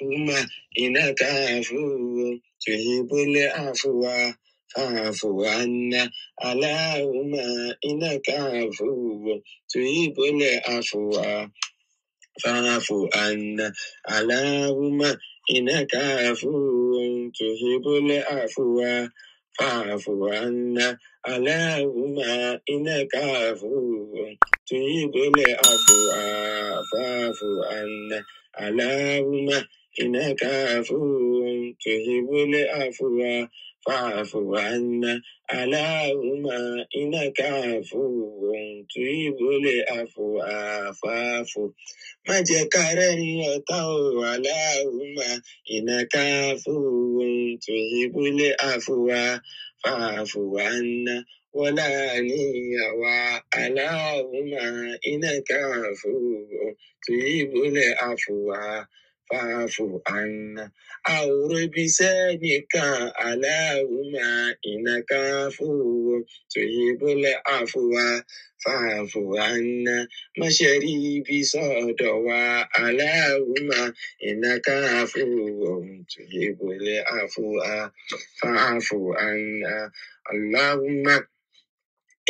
ثم إنك عفو تحب العفو فاعف عنا اللهم إنك عفو تحب العفو فاعف عنا اللهم إنك عفو تحب العفو فاعف عنا اللهم إنك عفو تحب العفو فاعف عنا اللهم Ma عفو ka العفو فاعف عنا اللهم إنك عفو تحب العفو فاعف má jẹ́ ká rẹ́rìn ọ̀tá afụ aláhùnmá ìnàká fóun tòyìnbólé àfúwá fàáfúwá ńná wọlá níyàwá aláhùnmá ìnàká fóun tòyìnbólé àfúwá. fàáfù àná àwòrán ibi iṣẹ́ nìkan aláàrúmà ìnàkà fòwò tòyìnbó lẹ́ àfòwà fàáfù àná máṣe rí ibi sọ́dọ̀ wa aláàrúmà ìnàkà fòwò tòyìnbó lẹ́ àfòwà fàáfù àná aláàrúmà.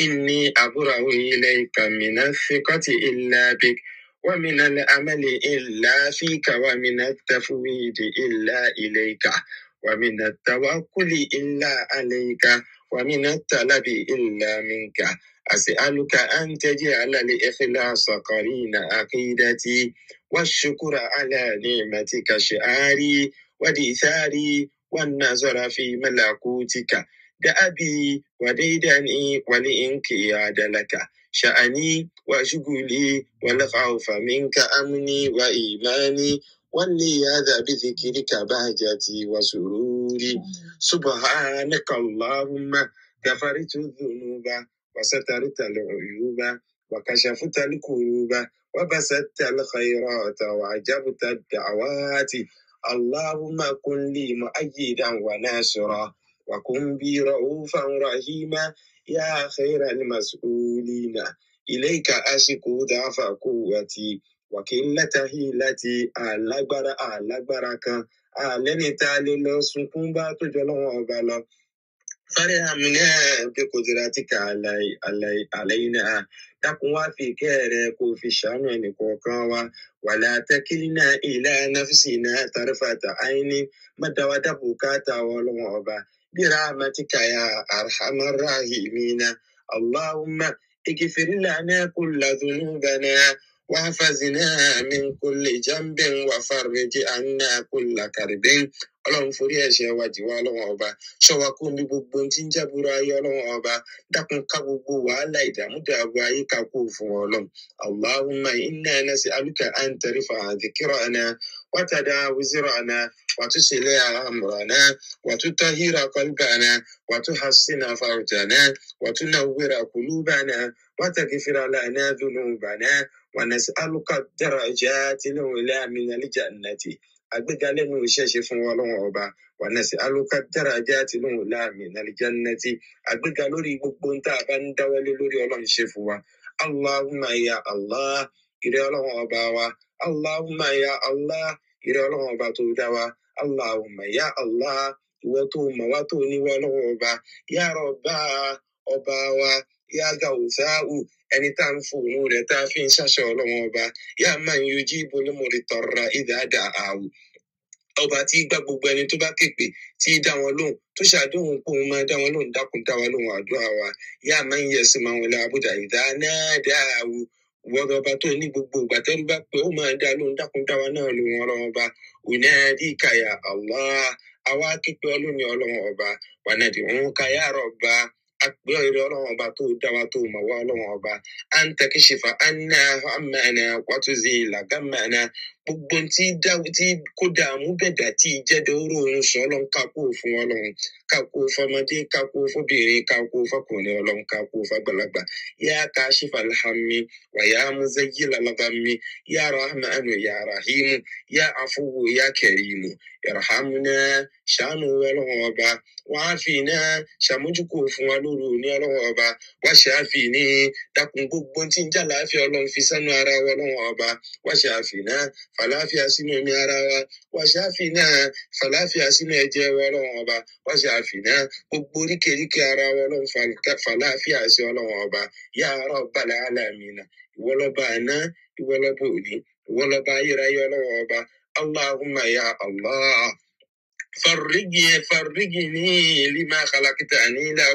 إني أبرأ إليك من الثقة إلا بك ومن العمل إلا فيك ومن التفويض إلا إليك ومن التوكل إلا عليك ومن الطلب إلا منك أسألك أن تجعل الإخلاص قرين عقيدتي والشكر على نعمتك شعاري ودثاري والنظر في ملكوتك كأبي ولدني يا دلكا شأني وشغلي والخوف منك أمني وإيماني ولي هذا بذكرك بهجتي وسروري سبحانك اللهم غفرت الذنوب وسترت العيوب وكشفت الكروب وبسطت الخيرات وعجبت الدعوات اللهم كن لي مؤيدا وناصرا وكن بي رؤوفا رحيما يا خير المسؤولين إليك أشكو ضعف قوتي وقلة حيلتي alágbára alágbára kan àlẹ́ni tá a lè lọ sunkún bá tó jọ lọ́wọ́ ọba lọ. فارحمنا بقدرتك علي علي علينا dákun wá fi ìkẹ́ rẹ kó fi ṣàánú ẹnì kọ̀ọ̀kan wa wàlá tẹ́kílínà ìlà náfìsì náà tàrífàtà àìní mọ́tàwádàbò káàtà ọlọ́wọ́n ọba. برحمتك يا أرحم الراحمين اللهم اغفر لنا كل ذنوبنا وحفظنا من كل جنب وفرج عنا كل كرب ọlọ́run forí ẹ̀ṣẹ̀ wa jì wá ọlọ́run ọba ṣọwa kó mi gbogbo ohun tí ń jábúrò ayé ọlọ́run ọba dákun ká gbogbo wàhálà ìdààmú dààbò ayé ká kó fún ọlọ́run allahumma inna nasi aluka an tarifa adhikirana. وتدع وزرعنا وتسلع أمرنا وتطهر قلبنا وتحسن فرجنا وتنور قلوبنا وتغفر لنا ذنوبنا ونسألك الدرجات الأولى من الجنة àgbéga lẹ́nu iṣẹ́ ṣe fún wa lọ́wọ́ ọba wànàsí alukadara ajá àti lóhùn láàmì nàìjánátì àgbéga lórí gbogbo ń tá bá ń dáwọ́lé lórí ọlọ́run ṣe fún wa allahumma ya allah ìrẹ́ ọlọ́run ọba wa Allahumma ya Allah ìrẹ́ ọlọ́run ọba tó dá wa Allahumma ya Allah ìwọ tó mọ̀ wá tó níwọ́ ọlọ́run ọba ya Rabba ọba wa ya Gawthau ẹni tá à ń fòònù rẹ̀ tá ọba ya man yujibu al-mudtarra idha da'ahu ọba tí gbá gbogbo ẹni tó bá képe tí dá wọn lóhùn tó ṣàdóhùn pé máa dá wọn lóhùn dákun dá wa lóhùn àdúrà wa ya man yasma'u al-'abda idha nadahu wọ́n ọba tó ní gbogbo ìgbà tẹ́lú bá pé ó máa dá lóhun dákun dáwa náà ló wọn ọlọ́run ọba òní àdí ìkàyà Allah àwa képe ọlọ́ni ọlọ́run ọba wànádì òun kàyà rọ̀ ọba àpè ọ̀rẹ́ ọlọ́run ọba tó dáwa tó mọ̀ wá ọlọ́run ọba à ń àmàna wàtúzì làgàmàna gbogbo ti tí kó dààmú ti tí oru oorun sọ ọlọ́run kakú fún ọlọ́run kakú fọmọdé kakú fọbìnrin kakú fọkùnrin ọlọ́run kakú fàgbàlagbà yá ká sífàlì hami ya muzayi lalabami yá rahmanu ya rahimu yá afuwu yá kẹrìmù irhamuna ṣàánú ọlọ́run ọba wàá fi iná ṣàmójúkú fún wa lóru ní ọlọ́run ọba wá ṣàfi ní gbogbo tí fi ara fàlàáfíà sínú ẹ̀mí ara wa wá ṣe àfihàn fàlàáfíà sínú ẹ̀jẹ̀ wa ọlọ́run ọba wá ṣe àfihàn gbogbo oríkèéríkèé ara wa ọlọ́run fàlàáfíà sí ọlọ́run ọba yá Rabbal alamina ìwọlọ́ba àná ìwọlọ́ba òní ìwọlọ́ba ayérayé ọlọ́run ọba Allahumma ya Allah. فرجني فرجني لما خلقتني له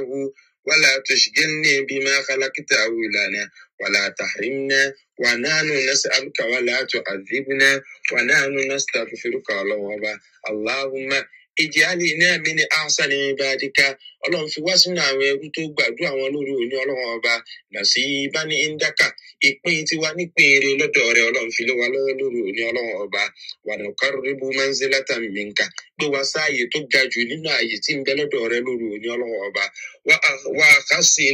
ولا تشغلني بما خلقت أولانا ولا تحرمنا ونحن نسألك ولا تعذبنا ونحن نستغفرك اللهم اللهم اجعلنا من أحسن عبادك ọlọ́run fi wá sínú àwọn ẹrú tó gbàdúrà àwọn lórí òní ọlọ́run ọba nàṣí bani indaka ìpín tiwa nípìn eré lọ́dọ̀ rẹ ọlọ́run fi lé wa lọ́wọ́ lórí òní ọlọ́run ọba wàdàkárùrìbù manzilata minka gbé wa sáàyè tó ga jù nínú ààyè tí ń bẹ lọ́dọ̀ rẹ lórí òní ọlọ́run ọba wà á kà sí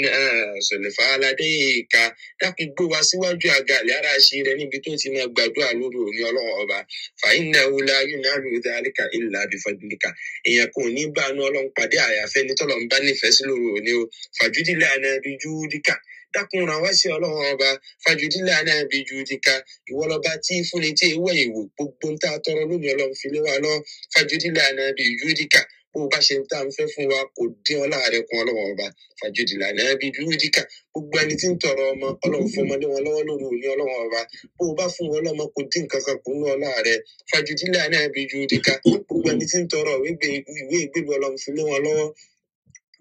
sọlẹ̀fà aládé ìka dákun gbé wa síwájú àgàlẹ̀ ara ṣe rẹ níbi tó ti máa gbàdúrà lórí òní ọlọ́run ọba fàyínà wula yóò náà lù dáríkà ìlà àbífọ́dúnríkà èèyàn kò ní bá àánú ọlọ́run pàdé àyàfẹ́ nítọ́lọ́ tọ́lọ̀ ń bá nífẹ̀ẹ́ sí lóru òní o fàjúdílẹ̀ àná bí júdíkà dákùnra wá sí ọlọ́run ọba fàjúdílẹ̀ àná bí júdíkà ìwọlọba tí fúnni tí ewé ìwò gbogbo ń ta tọrọ lónìí ọlọ́run fi wa lọ fàjúdílẹ̀ àná bí júdíkà bó o bá ṣe ń tá ń fẹ́ fún wa kò dín ọlá rẹ kún ọlọ́wọ́n ọba fàjọdìlà náà bí júwìdíkà gbogbo ẹni tí ń tọrọ ọmọ ọlọ́run fún ọmọdé wọn lọ́wọ́ lóru òní ọlọ́wọ́n ọba bó o bá fún wọn lọ́mọ kò dín nǹkan kan kún ọlá rẹ fàjọdìlà náà bí júwìdíkà gbogbo ẹni tí ń tọrọ ìwé ìgbé ọlọ́run fún wọn lọ́wọ́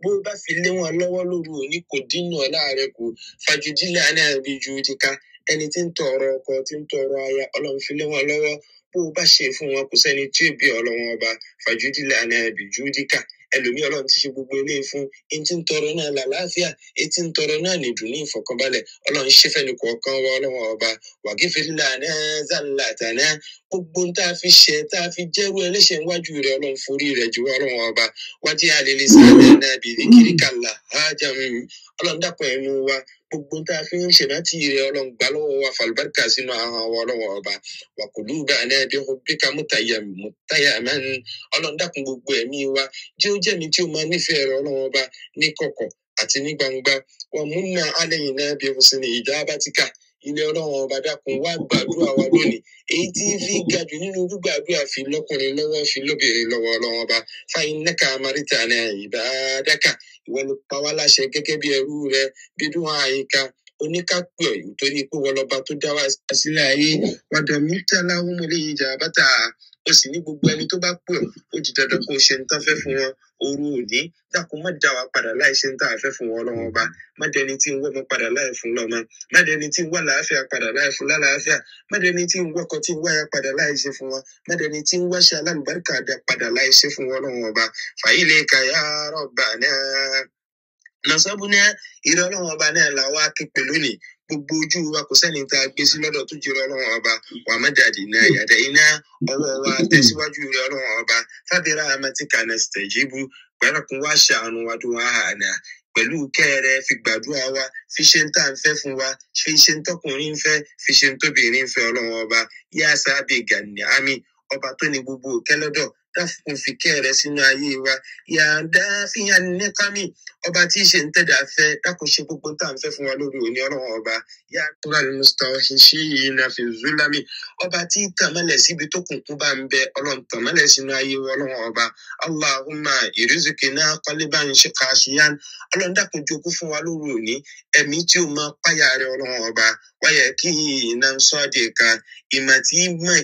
bó o bá fi lé wọn lọ́wọ́ lóru òní kò dínà láàárẹ̀ kò fagidílẹ̀ aláàbí ju dika ẹni tí ń tọrọ ọkọ tí ń tọrọ aya ọlọ́run fi lé wọn lọ́wọ́ bó o bá ṣe fún wọn kò sẹ́ni tí ò bí ọlọ́wọ́n ọba fagidílẹ̀ aláàbí ju dika ẹlòmí ọlọ́run ti ṣe gbogbo eléyìí fún etí ń tọrọ náà làlàáfíà etí ń tọrọ náà lè dùn ní ìfọ̀kànbalẹ̀ ọlọ́run ṣẹfẹ ní kọ̀ọ̀kan wa ọlọ́run ọba wàgífẹlá náà zàlàtà náà gbogbo tá a fi ṣe tá a fi jẹrú ẹlẹ́ṣẹ̀ níwájú rẹ ọlọ́run forí rẹ jù ọlọ́run ọba wájú àlelẹ sàlẹ náà bìrìkìrìkàlà ájàmù ọlọ́run dàpọ ẹnu wa gbogbo tá a fi ń ṣèrántí rẹ ọlọ́run gbà lọ́wọ́ wa fàlùbáríkà sínú àwọn ọlọ́wọ́ ọba wa kò lùgbà náà bí bíkà mútàyà mútàyà máa ń ọlọ́run dákun gbogbo ẹ̀mí wa jẹ́ ó jẹ́mi tí ó máa nífẹ̀ẹ́ rẹ ọlọ́run ọba ní kọ̀kọ̀ àti ní gbangba wọn múnà alẹ́yìn náà bí ó sì ní ìdábàtíkà ilé ọlọ́run ọba dákun wá gbàdúrà wa lónìí èyí tí fi ga jù nínú gbígbàdúrà fi lọ́kùnrin lọ́wọ́ fi lóbìnrin lọ́wọ́ ọlọ́run ọba fáyín nẹ́ka amárítà ní ìbádákà ìwọ ló pa gẹ́gẹ́ bí ẹrú rẹ bídún àyíká oníkápẹ́ ọ̀yọ́ torí pé wọ́n lọ́ba tó dá wa sílẹ̀ ayé wàdà mítàlá ọmọlẹ́yìn ìjà bàtà ó sì ní gbogbo ẹni tó bá pè ó di dandan kó o ṣe ní tán fẹ́ fún wọn òru òní dákun má dá wa padà láì ṣe ń tà àfẹ́ fún wọn ọlọ́wọ́n ọba má dẹni tí ń wọ́mọ padà láì fún lọ́mọ má dẹni tí ń wá làáfíà padà láì fún lálàáfíà má dẹni tí ń wọ́kọ tí ń wáyà padà láì fún wọn má dẹni tí ń wáṣẹ alálùbáríkà padà láì fún wọn ọlọ́wọ́n ọba fàyílẹ̀ kàyà rọ̀bà náà nasabu ní ìrẹ Ọlọ́run ọba náà là wá képe lónìí gbogbo ojú wa kò sẹ́ni tá a gbé sí lọ́dọ̀ tó jẹrọ Ọlọ́run ọba wà má jáde iná yàtọ̀ iná ọwọ́ wa tẹ̀síwájú ìrẹ Ọlọ́run ọba fàbíra amatika nastẹjibu gbẹrẹkùn wá ṣàánú wa dùn wá hànà pẹ̀lú kẹ́ẹ̀rẹ́ fi gbàdúrà wa fi ṣe ń tà ń fẹ́ fún wa fi ṣe ń tọkùnrin ń fẹ́ fi ṣe ń tóbìnrin ń fẹ́ Ọlọ́run ọba yáa sábẹ́ gani àmì ọba tó ní gbogbo kẹ́lọ́dọ̀ dáfún fìkẹ́ rẹ sínú ayé wa yàrá fìyàn nìkan mi ọba tí í ṣe ń tẹ̀dá fẹ́ dákun ṣe gbogbo tá à ń fẹ́ fún wa lórí òní ọlọ́run ọba yá tural mr ṣíyìn àfi zulami ọba tí tàmálẹ̀ síbi tó kùnkùn bá ń bẹ ọlọ́run tàmálẹ̀ náà ayé ọlọ́run ọba allahumma ìrìzùkì náà kọ́lébà ń ṣe kàṣíyàn ọlọ́run dàkún jogún fún wa lóru rẹ ọba wáyà kí iná ń sọ kan ìmọ̀ tí mọ̀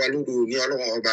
wa lóru òní ọba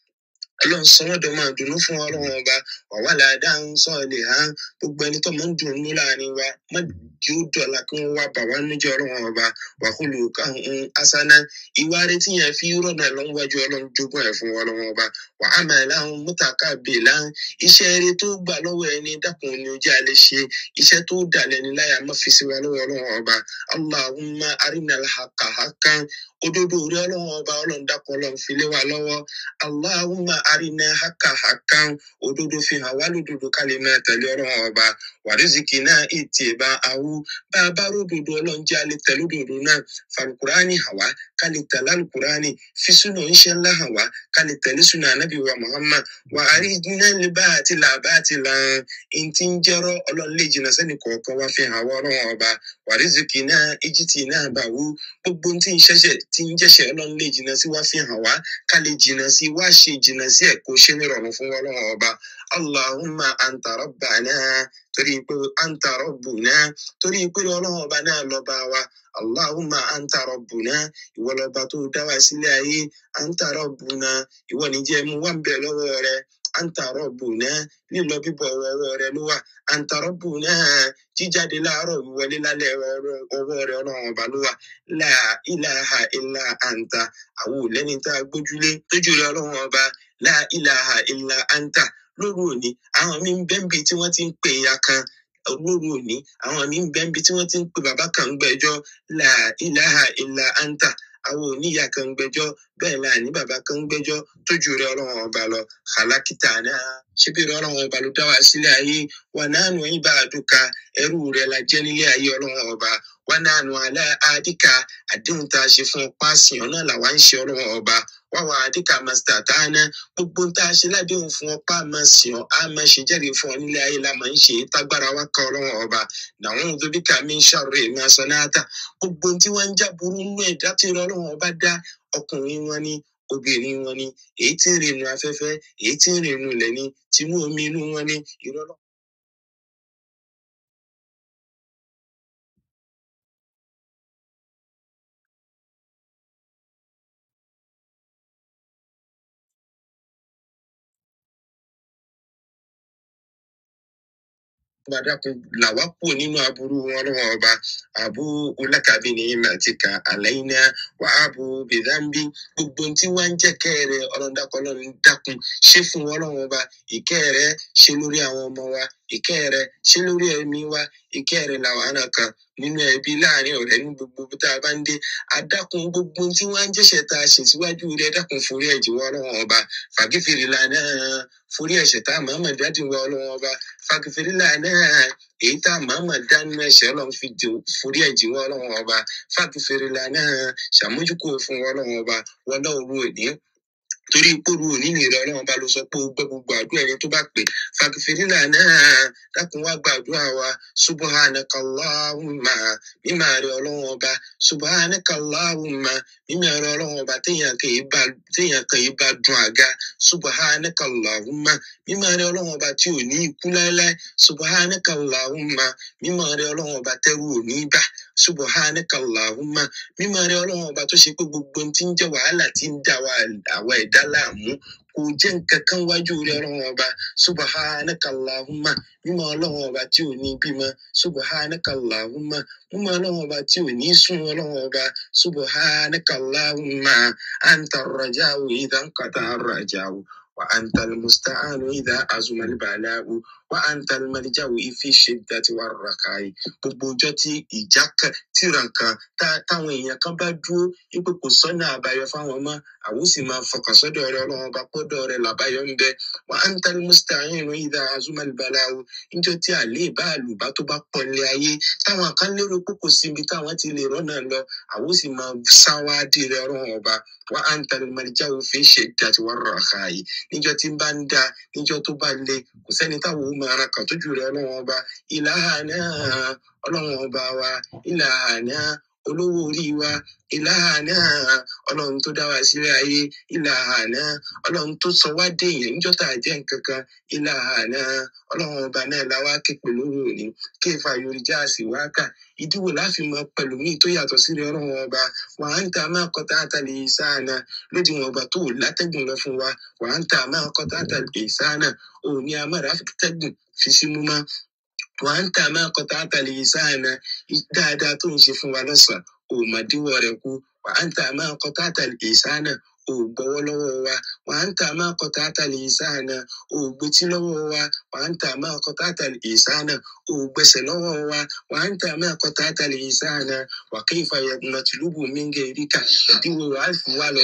ọlọ́run sọ́wọ́dọ̀ máa dùnú fún ọlọ́run ọba wàwá làádá ń sọ lè ha gbogbo ẹni tó máa ń dùnú láàrin wa má yóò dọ̀la kí wọ́n wá bà níjọ́ ọlọ́run ọba wàhùlù káhùn asana ìwà retí yẹn fi rọ̀nà lọ́wọ́jú ọlọ́run ẹ̀ fún ọlọ́run ọba wà á máa láhùn mútàkà bè láhùn iṣẹ́ eré tó gbà lọ́wọ́ ẹni dákun ni ojú alẹ́ ṣe iṣẹ́ tó dà lẹ́ni láyà má fi sí wa lọ́wọ́ ọlọ́run ọba allahumma arinal haqqa haqqan òdodo orí ọlọ́run ọba ọlọ́run dákun ọlọ́run fi lé wa lọ́wọ́ aláwùmá àrínà hákàhákà òdodo fi hàn wá lódodo ká lè máa tẹ̀lé ọlọ́run ọba wàrísìkì náà ètì ìbá awú bá a bá ródodo ọlọ́run jẹ́ alẹ́ tẹ̀lé òdodo náà falukurani hàn wá ká tẹ̀lé alukurani fisuna iṣẹ́ ńlá hàn wá ká tẹ̀lé suna anabi wa muhammad wà á rí iná lè bá àti là bá àti là ń ti ń jẹ́rọ ọlọ́run lè tí ń jẹ́sẹ̀ ọlọ́run lè jìnnà sí wá fi hàn wá ká lè jìnnà sí wá ṣe jìnnà sí ẹ̀ kó ṣe nírọ̀rùn fún ọlọ́run ọba allahumma anta rabbana torí pé anta rabbuna torí pé ọlọ́run ọba náà lọ́ba wa allahumma anta rabbuna ìwọ lọ́ba tó dá wa sílẹ̀ ayé anta rabbuna ìwọ níjẹ́ mú wá ń bẹ̀ lọ́wọ́ rẹ àǹtàrọ̀ bù náà lílọ bíbọ̀ ọwọ́ rẹ ló wà àǹtàrọ̀ bù náà jíjáde láàárọ̀ wíwọlé lálẹ́ ọwọ́ rẹ ọlọ́run ọba ló wà láà ìlàhà ìlà àǹtà àwọn òlẹ́ni tá a gbójúlé tójú rẹ ọlọ́run ọba láà ìlàhà ìlà àǹtà lóru òní àwọn mi ń bẹ́ńbì tí wọ́n ti ń pè ya kan lóru òní àwọn mi ń bẹ́ńbì tí wọ́n ti ń pè bàbá kan gbẹ́jọ́ láà ìlàhà ìlà àǹtà àwọn oníyà kan ń gbẹ́jọ́ bẹ́ẹ̀ náà ní bàbá kan ń gbẹ́jọ́ tójú rẹ Ọlọ́run ọba lọ kàlákìtà náà ṣébí rẹ Ọlọ́run ọba ló dá wa sílẹ̀ ayé wà nánú ìbá àdúkà ẹrú rẹ la jẹ́ nílé ayé Ọlọ́run ọba wà nánú alẹ àdéhùn tá a ṣe fún ọ pàṣẹ ọ náà làwa ń ṣe Ọlọ́run ọba wàwà àdìkà màsítà tààna gbogbo tá a ṣe ládéhùn fún ọ pa àmọ sí ọ àmọ ṣe jẹ́rìí fún ọ nílé ayé la máa ń ṣe tágbára wa ka Ọlọ́run ọba làwọn òdòbíkà mi ń ṣàròyé máa sọ náà tà gbogbo tí wọn ń jà burú nínú ẹ̀dá tí Ọlọ́run ọba dá ọkùnrin wọn ni obìnrin wọn ni èyí tí ń rìnnú afẹ́fẹ́ èyí tí ń rìnnú ilẹ̀ tinú omi inú wọn ni ìrọlọ. ọba dákun là wá kúrò nínú wọn ọba àbú olákàbí ni màtíkà àlàyéná wà á bu bìdámbí gbogbo tí wọ́n ń jẹ́ kẹ́rẹ̀ ọlọ́dàkọ́ ọlọ́run dákun ṣé fún wọn ọlọ́wọ́n ọba ìkẹ́rẹ̀ ṣe lórí àwọn ọmọ wa ìkẹ́ rẹ ṣé lórí ẹ̀mí wa ìkẹ́ rẹ làwa náà kan nínú ẹbí láàrin ọ̀rẹ́ ní gbogbo tá a bá ń dé adákun gbogbo tí wọ́n á ń jẹ́ṣẹ̀ tá a ṣe síwájú rẹ dákun forí ẹ̀jẹ̀ wọ́n ọlọ́wọ́n ọba fàgífèrè lànà forí ẹ̀ṣẹ̀ tá a mọ̀ mọ̀ dájú wọ́n ọlọ́wọ́n ọba fàgífèrè lànà èyí tá a mọ̀ dánú ẹ̀ṣẹ̀ ọlọ́run fi forí ẹ̀jẹ̀ wọ́n ọlọ́wọ́n ọba fàgífèrè lànà ṣàmójúkò fún wọ́n ọlọ́wọ́n ọba wọ́n náà rú òní torí ìpòrú òní nìrẹ Ọlọ́run bá ló sọ pé gbogbo àdúrà ẹni tó bá pè fàkìfìrínà náà dákun wá gbàdúrà wa subhanakallahumma mímà rẹ Ọlọ́run ọba subhanakallahumma mímà rẹ Ọlọ́run ọba téèyàn kan yìí bá dun àga subhanakallahumma mímà rẹ ọba tí ò ní ikú láéláé mímà rẹ ọba subhanaka allahumma mímọ rẹ ọlọ́run ọba tó ṣe pé gbogbo ti ń jẹ́ wàhálà ti ń dá àwa ẹ̀dá láàmú kò jẹ́ nǹkan kan wájú rẹ ọlọ́run ọba subhanaka allahumma mímọ ọlọ́run ọba tí ò ní bímọ subhanaka allahumma mímọ ọlọ́run ọba tí ò ní sùn ọlọ́run ọba subhanaka allahumma anta rajau idha nqata rajau wa anta almusta'anu idha azuma albala'u wa anta ń tani mẹlẹjà wo ife ṣe dàtí wà rọra ká yìí gbogbo ọjọ́ tí ìjà kan tíra kan táwọn èèyàn kan bá dúró wípé kò sọ́nà àbáyọ fáwọn ọmọ àwọn sì máa fọkàn sọ́dọ̀ rẹ Ọlọ́run ọba pọdọ rẹ làbáyọ ń bẹ wà á ń tani mọsítà àyìnrún ìdá azúmọlùbálà o níjọ́ tí àlè bá àlùbá tó bá pọnlé ayé táwọn kan lérò pé kò síbi táwọn ti lè rọnà lọ àwọn sì máa sáwádìí rẹ Ọlọ́run ọba wà á ń wo fi ṣe dàtí wà rọra ká yìí níjọ́ bá ń da níjọ́ tó bá le kò sẹ́ni táwọn agbára kan tó jù rẹ ọlọ́run ọba ìlànà ọlọ́run ọba wa ìlànà olówó orí wa ìlàhà náà ọlọ́run tó dá wa sílẹ̀ ayé ìlàhà náà ọlọ́run tó sọ wá dèèyàn níjọ́ta àjẹ́ nǹkan kan ìlàhà náà ọlọ́run ọba náà láwa képe lórí òní kéfà yorùjá sí wákà ìdíwò láfi mọ pẹ̀lú míì tó yàtọ̀ sí rẹ ọlọ́run ọba wàá ń ta máa kọ́ta àtàlẹ̀ ìsáànà lódì wọn ọba tó wò látẹ̀gùn lọ fún wa wàá ń ta máa kọ́ta àtàlẹ̀ ìsáànà òní amára tẹ́gùn fi sí mú wà á ń tà máa kọta àtàlẹ yìí sáànà dáadáa tó ń ṣe fún wa lọ́sàn ò mà díwọ̀ rẹ̀ kú wà á ń tà máa kọta àtàlẹ yìí sáànà ò gbọ́wọ́ lọ́wọ́ wa wà á ń tà máa kọta àtàlẹ yìí sáànà ò gbetí lọ́wọ́ wa wà ń tà máa kọta àtàlẹ yìí sáànà ò gbẹsẹ̀ lọ́wọ́ wa wà ń tà máa kọta àtàlẹ yìí sáànà wà kí ìfàyà nàtìlúbù mí ń gẹ ìdíwọ̀ wà á fi wá lọ